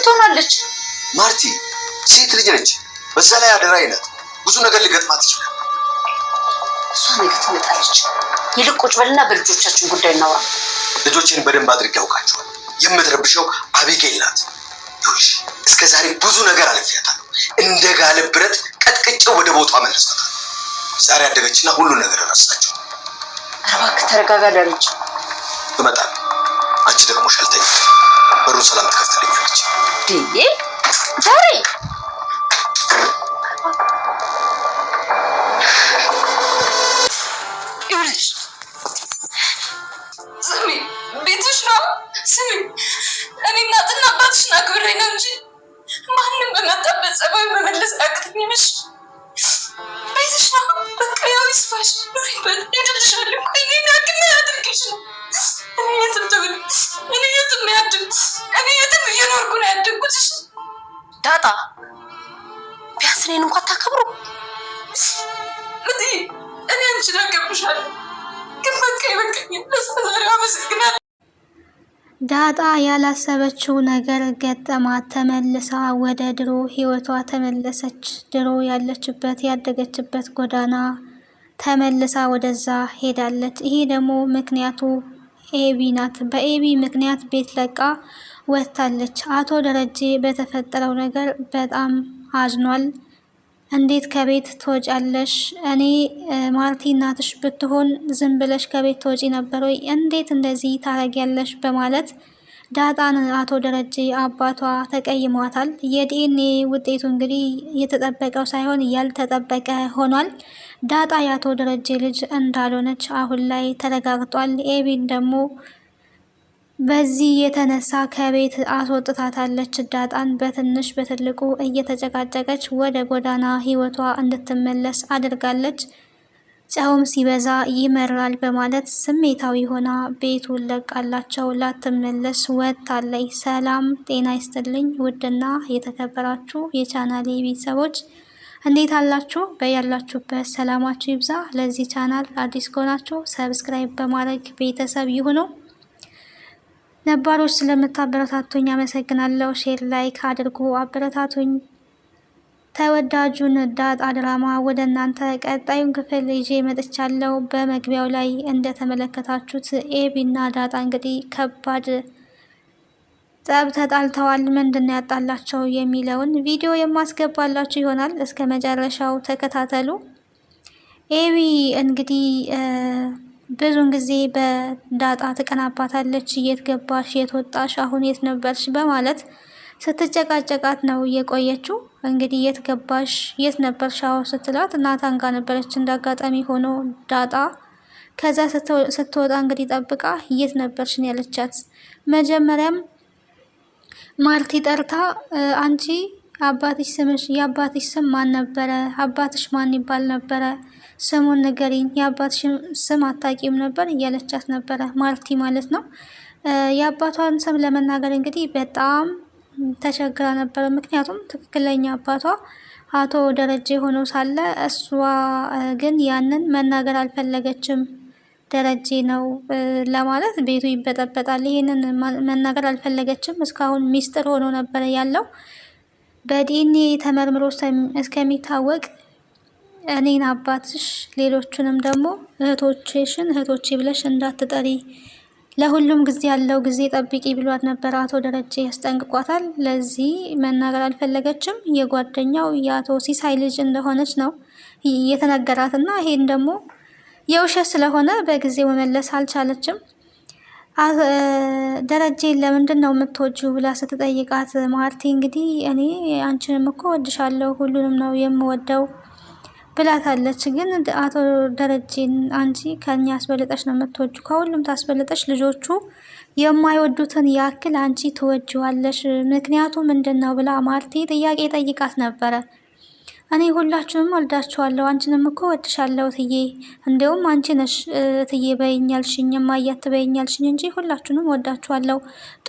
ምን ትሆናለች? ማርቲ ሴት ልጅ ነች። በዛ ላይ አደራ አይነት ብዙ ነገር ሊገጥማት ይችላል። እሷ ነገ ትመጣለች። ይልቅ ቁጭ በልና በልጆቻችን ጉዳይ እናውራ። ልጆችን በደንብ አድርጌ ያውቃቸዋል። የምትረብሸው አቢጌል ናት። ይኸውልሽ እስከ ዛሬ ብዙ ነገር አልፌያታለሁ። እንደ ጋለ ብረት ቀጥቅጬው ወደ ቦታ መለሳታል። ዛሬ አደገችና ሁሉን ነገር ረሳቸው። እባክህ ተረጋጋ። ዳርች እመጣለሁ። አንቺ ደግሞ ሻልተኝ በሩን ሰላም ትከፍትልኛለች። ዛሬ ቤትሽ ነው። ስሚ፣ እኔ እናትና አባትሽን አክብሬ ነው እንጂ ማንም በመጣበት ጸባይ መመለስ አቅትኝምሽ አይዞሽ ነው በቃ ያው ይስፋሽ ይበል ይድልሻለሁ እኔ ዳግም ያድርግሽም እኔ የትም ትብል እኔ የትም ያድግ እኔ የትም እየኖርኩ ነው ያደግኩትሽ ዳጣ ቢያንስ እኔን እንኳን ታከብሩ እኔ አንቺን አገብሻለሁ ግን በቃ ይበቃኛል ለስከዛሬው አመሰግናለሁ ዳጣ ያላሰበችው ነገር ገጠማት። ተመልሳ ወደ ድሮ ህይወቷ ተመለሰች። ድሮ ያለችበት ያደገችበት ጎዳና ተመልሳ ወደዛ ሄዳለች። ይሄ ደግሞ ምክንያቱ ኤቢ ናት። በኤቢ ምክንያት ቤት ለቃ ወጥታለች። አቶ ደረጀ በተፈጠረው ነገር በጣም አዝኗል። እንዴት ከቤት ትወጫለሽ? እኔ ማርቲ እናትሽ ብትሆን ዝም ብለሽ ከቤት ትወጪ ነበር ወይ? እንዴት እንደዚህ ታረጊያለሽ? በማለት ዳጣን አቶ ደረጀ አባቷ ተቀይሟታል። የዲኤንኤ ውጤቱ እንግዲህ የተጠበቀው ሳይሆን ያልተጠበቀ ሆኗል። ዳጣ የአቶ ደረጀ ልጅ እንዳልሆነች አሁን ላይ ተረጋግጧል። ኤቢን ደግሞ በዚህ የተነሳ ከቤት አስወጥታታለች። ዳጣን በትንሽ በትልቁ እየተጨቃጨቀች ወደ ጎዳና ሕይወቷ እንድትመለስ አድርጋለች። ጨውም ሲበዛ ይመራል በማለት ስሜታዊ ሆና ቤቱን ለቃላቸው ላትመለስ ወጥታለች። ሰላም ጤና ይስጥልኝ ውድና የተከበራችሁ የቻናሌ ቤተሰቦች እንዴት አላችሁ? በያላችሁበት ሰላማችሁ ይብዛ። ለዚህ ቻናል አዲስ ከሆናችሁ ሰብስክራይብ በማድረግ ቤተሰብ ይሁነው። ነባሮች ስለምታበረታቱኝ አመሰግናለሁ። ሼር ላይክ አድርጉ አበረታቱኝ። ተወዳጁን ዳጣ ድራማ ወደ እናንተ ቀጣዩን ክፍል ይዤ መጥቻለሁ። በመግቢያው ላይ እንደተመለከታችሁት ኤቢና ዳጣ እንግዲህ ከባድ ጸብ ተጣልተዋል። ምንድን ያጣላቸው የሚለውን ቪዲዮ የማስገባላችሁ ይሆናል። እስከ መጨረሻው ተከታተሉ። ኤቢ እንግዲህ ብዙን ጊዜ በዳጣ ትቀናባታለች። የት ገባሽ? የት ወጣሽ? አሁን የት ነበርሽ? በማለት ስትጨቃጨቃት ነው የቆየችው። እንግዲህ የት ገባሽ? የት ነበርሽ? አዎ ስትላት ናታን ጋር ነበረች እንዳጋጣሚ ሆኖ ዳጣ ከዛ ስትወጣ እንግዲህ ጠብቃ የት ነበርሽን ያለቻት። መጀመሪያም ማርቲ ጠርታ አንቺ አባትሽ ስምሽ የአባትሽ ስም ማን ነበረ? አባትሽ ማን ይባል ነበረ? ስሙን ንገሪኝ፣ የአባትሽ ስም አታቂም ነበር እያለቻት ነበረ፣ ማርቲ ማለት ነው። የአባቷን ስም ለመናገር እንግዲህ በጣም ተቸግራ ነበረ። ምክንያቱም ትክክለኛ አባቷ አቶ ደረጀ ሆነው ሳለ እሷ ግን ያንን መናገር አልፈለገችም። ደረጀ ነው ለማለት ቤቱ ይበጠበጣል። ይህንን መናገር አልፈለገችም። እስካሁን ሚስጥር ሆኖ ነበረ ያለው በዲኤንኤ ተመርምሮ እስከሚታወቅ እኔን አባትሽ ሌሎቹንም ደግሞ እህቶችሽን እህቶቼ ብለሽ እንዳትጠሪ ለሁሉም ጊዜ ያለው ጊዜ ጠብቂ ብሏት ነበር አቶ ደረጀ ያስጠንቅቋታል። ለዚህ መናገር አልፈለገችም። የጓደኛው የአቶ ሲሳይ ልጅ እንደሆነች ነው የተነገራትና ይሄን ደግሞ የውሸት ስለሆነ በጊዜው መመለስ አልቻለችም። ደረጀን ለምንድን ነው የምትወጂው ብላ ስትጠይቃት ማርቲ እንግዲህ እኔ አንቺንም እኮ ወድሻለሁ ሁሉንም ነው የምወደው ብላታለች። ግን አቶ ደረጀን አንቺ ከኛ አስበልጠሽ ነው የምትወጁ ከሁሉም ታስበለጠች ልጆቹ የማይወዱትን ያክል አንቺ ትወጅዋለሽ። ምክንያቱ ምንድን ነው ብላ ማርቲ ጥያቄ ጠይቃት ነበረ። እኔ ሁላችሁንም ወልዳችኋለሁ፣ አንቺንም እኮ ወድሻለሁ እትዬ፣ እንዲሁም አንቺ ነሽ እትዬ በይኛልሽኝ ማያት በይኛልሽኝ እንጂ ሁላችሁንም ወዳችኋለሁ፣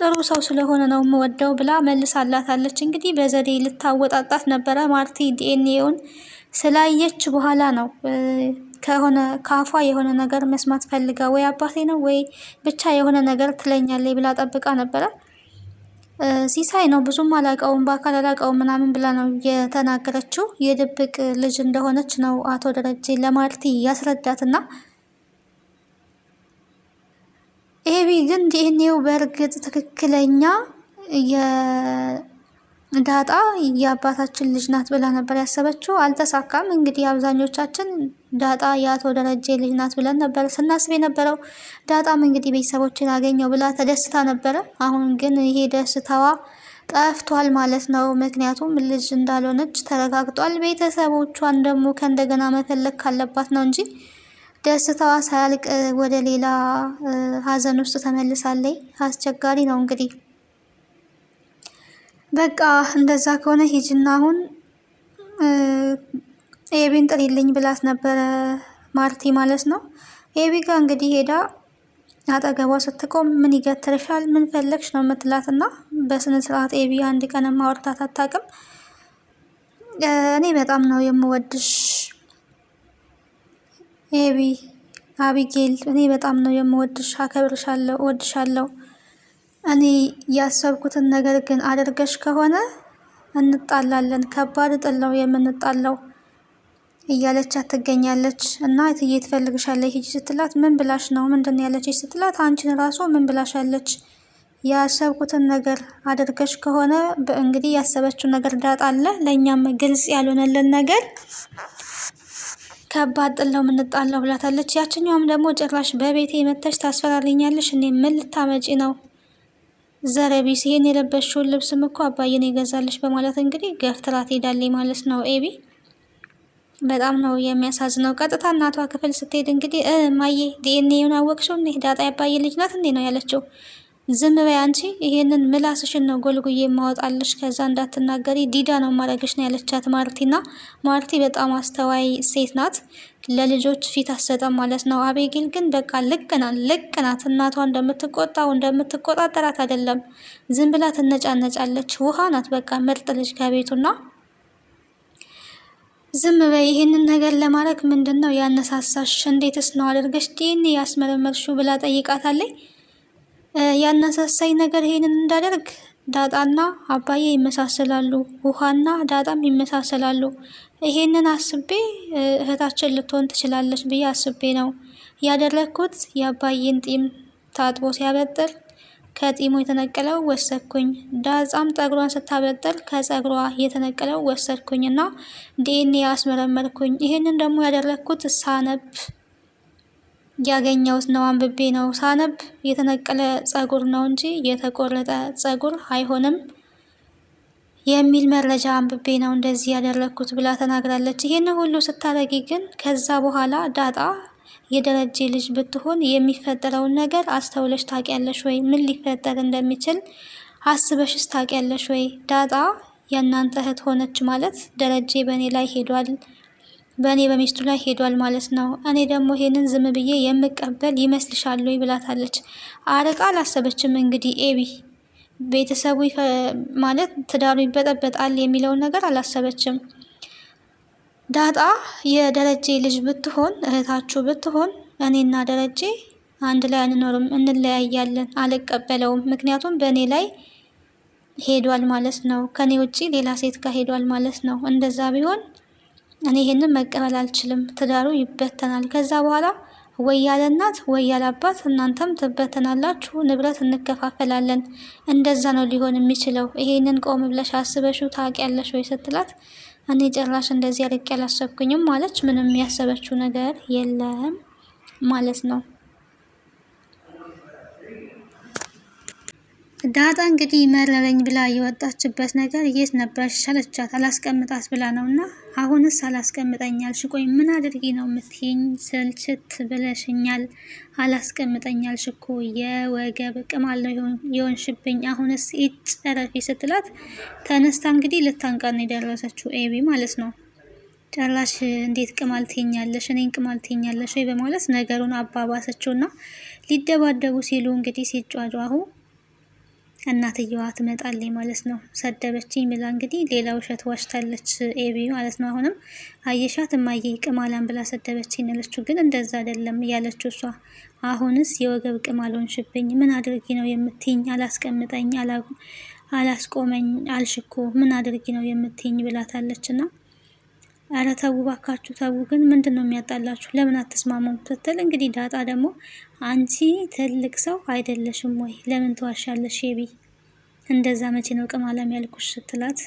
ጥሩ ሰው ስለሆነ ነው የምወደው ብላ መልሳላታለች። እንግዲህ በዘዴ ልታወጣጣት ነበረ። ማርቲ ዲኤንኤውን ስላየች በኋላ ነው ከሆነ ካፏ የሆነ ነገር መስማት ፈልጋ ወይ አባቴ ነው ወይ ብቻ የሆነ ነገር ትለኛለች ብላ ጠብቃ ነበረ። ሲሳይ ነው ብዙም አላቀውም በአካል አላውቀውም ምናምን ብላ ነው የተናገረችው። የድብቅ ልጅ እንደሆነች ነው አቶ ደረጀ ለማርቲ ያስረዳትና ኤቢ ግን ዲኤንኤው በእርግጥ ትክክለኛ የዳጣ የአባታችን ልጅ ናት ብላ ነበር ያሰበችው። አልተሳካም። እንግዲህ አብዛኞቻችን ዳጣ የአቶ ደረጀ ልጅ ናት ብለን ነበር ስናስብ የነበረው። ዳጣም እንግዲህ ቤተሰቦችን አገኘው ብላ ተደስታ ነበረ። አሁን ግን ይሄ ደስታዋ ጠፍቷል ማለት ነው። ምክንያቱም ልጅ እንዳልሆነች ተረጋግጧል። ቤተሰቦቿን ደግሞ ከእንደገና መፈለግ ካለባት ነው እንጂ ደስታዋ ሳያልቅ ወደ ሌላ ሀዘን ውስጥ ተመልሳለች። አስቸጋሪ ነው እንግዲህ በቃ እንደዛ ከሆነ ሂጅና አሁን ኤቢን ጥሪልኝ ብላት ነበረ ማርቲ ማለት ነው። ኤቢ ጋር እንግዲህ ሄዳ አጠገቧ ስትቆም ምን ይገትርሻል፣ ምን ፈለግሽ ነው የምትላት እና በስነ ስርዓት ኤቢ አንድ ቀን አውርታት አታውቅም። እኔ በጣም ነው የምወድሽ ኤቢ አቢጌል፣ እኔ በጣም ነው የምወድሽ፣ አከብርሻለሁ፣ እወድሻለሁ። እኔ ያሰብኩትን ነገር ግን አድርገሽ ከሆነ እንጣላለን። ከባድ ጥል ነው የምንጣለው እያለቻት ትገኛለች። እና እትዬ ትፈልግሻለች ሂጂ ስትላት ምን ብላሽ ነው ምንድን ያለች ያለችሽ ስትላት አንቺን ራሱ ምን ብላሻለች? ያሰብኩትን ነገር አድርገሽ ከሆነ እንግዲህ ያሰበችው ነገር ዳጣለ ለእኛም ግልጽ ያልሆነልን ነገር ከባድ ጥለው ነው ብላታለች። ያችኛውም ደግሞ ጭራሽ በቤቴ መተሽ ታስፈራሪኛለሽ፣ እኔ ምን ልታመጪ ነው ዘረቢስ፣ ይሄን የለበሽውን ልብስም እኮ አባዬን ይገዛልሽ በማለት እንግዲህ ገፍትራ ትሄዳለች ማለት ነው ኤቢ በጣም ነው የሚያሳዝነው። ቀጥታ እናቷ ክፍል ስትሄድ እንግዲህ እማዬ ዲኤንኤውን አወቅሽው እኔ ዳጣ ያባዬ ልጅ ናት እንዴ ነው ያለችው። ዝም በይ አንቺ፣ ይሄንን ምላስሽን ነው ጎልጉዬ የማወጣልሽ። ከዛ እንዳትናገሪ ዲዳ ነው ማረግሽ ነው ያለቻት ና ማርቲ በጣም አስተዋይ ሴት ናት፣ ለልጆች ፊት አሰጠም ማለት ነው። አቤጊል ግን በቃ ልቅ ናት፣ ልቅ ናት። እናቷ እንደምትቆጣው እንደምትቆጣጠራት አይደለም፣ ዝም ብላ ትነጫነጫለች። ውሃ ናት በቃ ምርጥ ልጅ ከቤቱና ዝም በይ። ይህንን ነገር ለማድረግ ምንድን ነው ያነሳሳሽ? እንዴትስ ነው አድርገሽ ዲኤንኤ ያስመረመርሽው? ብላ ጠይቃታለኝ። ያነሳሳኝ ነገር ይህንን እንዳደርግ ዳጣና አባዬ ይመሳሰላሉ፣ ውሃና ዳጣም ይመሳሰላሉ። ይሄንን አስቤ እህታችን ልትሆን ትችላለች ብዬ አስቤ ነው ያደረግኩት። የአባዬን ጢም ታጥቦ ሲያበጥር ከጢሙ የተነቀለው ወሰድኩኝ። ዳጣም ጠጉሯን ስታበጠል ከጸጉሯ የተነቀለው ወሰድኩኝ እና ዲኤንኤ አስመረመርኩኝ። ይህንን ደግሞ ያደረግኩት ሳነብ ያገኘሁት ነው፣ አንብቤ ነው። ሳነብ የተነቀለ ጸጉር ነው እንጂ የተቆረጠ ጸጉር አይሆንም የሚል መረጃ አንብቤ ነው እንደዚህ ያደረግኩት ብላ ተናግራለች። ይህን ሁሉ ስታደርጊ ግን ከዛ በኋላ ዳጣ የደረጀ ልጅ ብትሆን የሚፈጠረውን ነገር አስተውለሽ ታውቂያለሽ ወይ? ምን ሊፈጠር እንደሚችል አስበሽስ ታውቂያለሽ ወይ? ዳጣ የእናንተ እህት ሆነች ማለት ደረጀ በእኔ ላይ ሄዷል፣ በእኔ በሚስቱ ላይ ሄዷል ማለት ነው። እኔ ደግሞ ይሄንን ዝም ብዬ የምቀበል ይመስልሻል ወይ ብላታለች። አርቃ አላሰበችም። እንግዲህ ኤቢ ቤተሰቡ ማለት ትዳሩ ይበጠበጣል የሚለውን ነገር አላሰበችም። ዳጣ የደረጀ ልጅ ብትሆን እህታችሁ ብትሆን እኔና ደረጀ አንድ ላይ አንኖርም፣ እንለያያለን። አልቀበለውም። ምክንያቱም በእኔ ላይ ሄዷል ማለት ነው። ከኔ ውጪ ሌላ ሴት ጋር ሄዷል ማለት ነው። እንደዛ ቢሆን እኔ ይሄንን መቀበል አልችልም። ትዳሩ ይበተናል። ከዛ በኋላ ወይ ያለ እናት ወይ ያለ አባት እናንተም ትበተናላችሁ፣ ንብረት እንከፋፈላለን። እንደዛ ነው ሊሆን የሚችለው። ይሄንን ቆም ብለሽ አስበሽው ታውቂያለሽ ወይ ስትላት እኔ ጭራሽ እንደዚህ አልቄ አላሰብኩኝም አለች። ምንም ያሰበችው ነገር የለም ማለት ነው። ዳጣ እንግዲህ መረረኝ ብላ የወጣችበት ነገር የት ነበር ሸለቻት አላስቀምጣት ብላ ነው እና አሁንስ አላስቀምጠኛል ሽቆኝ ምን አድርጊ ነው የምትይኝ? ስልችት ብለሽኛል። አላስቀምጠኛል ሽኮ የወገብ ቅማል ነው የሆንሽብኝ። አሁንስ ይጨረፊ ስትላት ተነስታ እንግዲህ ልታንቃን ነው የደረሰችው ኤቢ ማለት ነው። ጨራሽ እንዴት ቅማል ትኛለሽ? እኔን ቅማል ትኛለሽ ወይ በማለት ነገሩን አባባሰችውና ሊደባደቡ ሲሉ እንግዲህ ሲጫጫሁ እናትየዋ ትመጣለች ማለት ነው። ሰደበችኝ ብላ እንግዲህ ሌላ ውሸት ዋሽታለች ኤቢዩ ማለት ነው። አሁንም አየሻት እማዬ ቅማላን ብላ ሰደበችኝ ያለችው ግን እንደዛ አይደለም ያለችው እሷ። አሁንስ የወገብ ቅማል ሆንሽብኝ። ምን አድርጊ ነው የምትኝ? አላስቀምጠኝ፣ አላስቆመኝ አልሽኮ ምን አድርጊ ነው የምትኝ ብላታለች እና አረ ተው ባካችሁ ተው። ግን ምንድን ነው የሚያጣላችሁ? ለምን አትስማሙም ስትል እንግዲህ ዳጣ ደግሞ አንቺ ትልቅ ሰው አይደለሽም ወይ? ለምን ትዋሻለሽ? ሼቢ እንደዛ መቼ ነው አለም ያልኩሽ ስትላት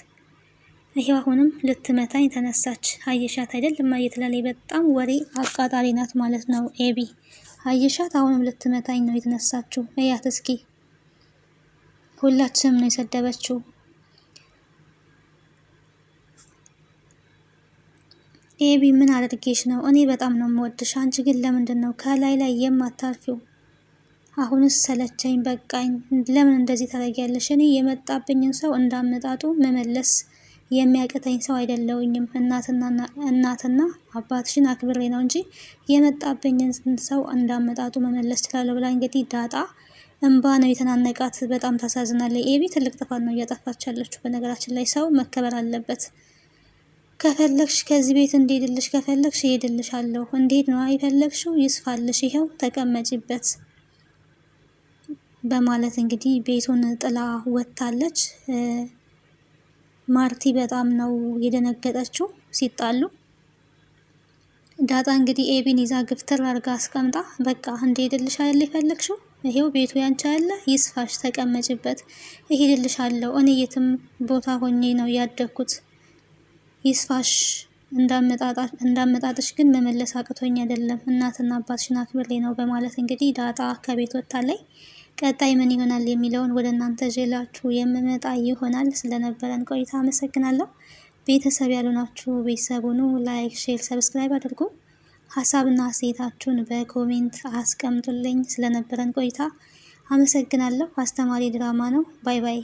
ይሄው አሁንም ልትመታኝ ተነሳች። አየሻት አይደል እማየትላለች። በጣም ወሬ አቃጣሪ ናት ማለት ነው ኤቢ። አየሻት አሁንም ልትመታኝ ነው የተነሳችው። እያት እስኪ ሁላችንም ነው የሰደበችው። ኤቢ ምን አድርጌሽ ነው? እኔ በጣም ነው የምወድሽ። አንቺ ግን ለምንድን ነው ከላይ ላይ የማታርፊው? አሁንስ ሰለቸኝ፣ በቃኝ። ለምን እንደዚህ ታደርጊያለሽ? እኔ የመጣብኝን ሰው እንዳመጣጡ መመለስ የሚያቅተኝ ሰው አይደለውኝም። እናትና አባትሽን አክብሬ ነው እንጂ የመጣብኝን ሰው እንዳመጣጡ መመለስ ችላለሁ ብላ እንግዲህ ዳጣ እንባ ነው የተናነቃት። በጣም ታሳዝናለች። ኤቢ ትልቅ ጥፋት ነው እያጠፋች ያለችው። በነገራችን ላይ ሰው መከበር አለበት። ከፈለግሽ ከዚህ ቤት እንዲሄድልሽ ከፈለግሽ እሄድልሻለሁ። እንዴት ነው አይፈለግሽው? ይስፋልሽ፣ ይኸው ተቀመጪበት በማለት እንግዲህ ቤቱን ጥላ ወጥታለች። ማርቲ በጣም ነው የደነገጠችው ሲጣሉ። ዳጣ እንግዲህ ኤቢን ይዛ ግፍትር አርጋ አስቀምጣ፣ በቃ እንዲሄድልሽ አይደል ይፈለግሽው? ይሄው ቤቱ ያንቺ አለ፣ ይስፋሽ፣ ተቀመጭበት፣ እሄድልሻለሁ። እኔ የትም ቦታ ሆኜ ነው ያደግኩት ይስፋሽ እንዳመጣጥሽ ግን መመለስ አቅቶኝ አይደለም እናትና አባትሽን አክብሬ ነው በማለት እንግዲህ ዳጣ ከቤት ወጥታለች። ቀጣይ ምን ይሆናል የሚለውን ወደ እናንተ ጀላችሁ የምመጣ ይሆናል። ስለነበረን ቆይታ አመሰግናለሁ። ቤተሰብ ያልሆናችሁ ቤተሰብ ሁኑ። ላይክ፣ ሼር፣ ሰብስክራይብ አድርጉ። ሀሳብና አስተያየታችሁን በኮሜንት አስቀምጡልኝ። ስለነበረን ቆይታ አመሰግናለሁ። አስተማሪ ድራማ ነው። ባይ ባይ።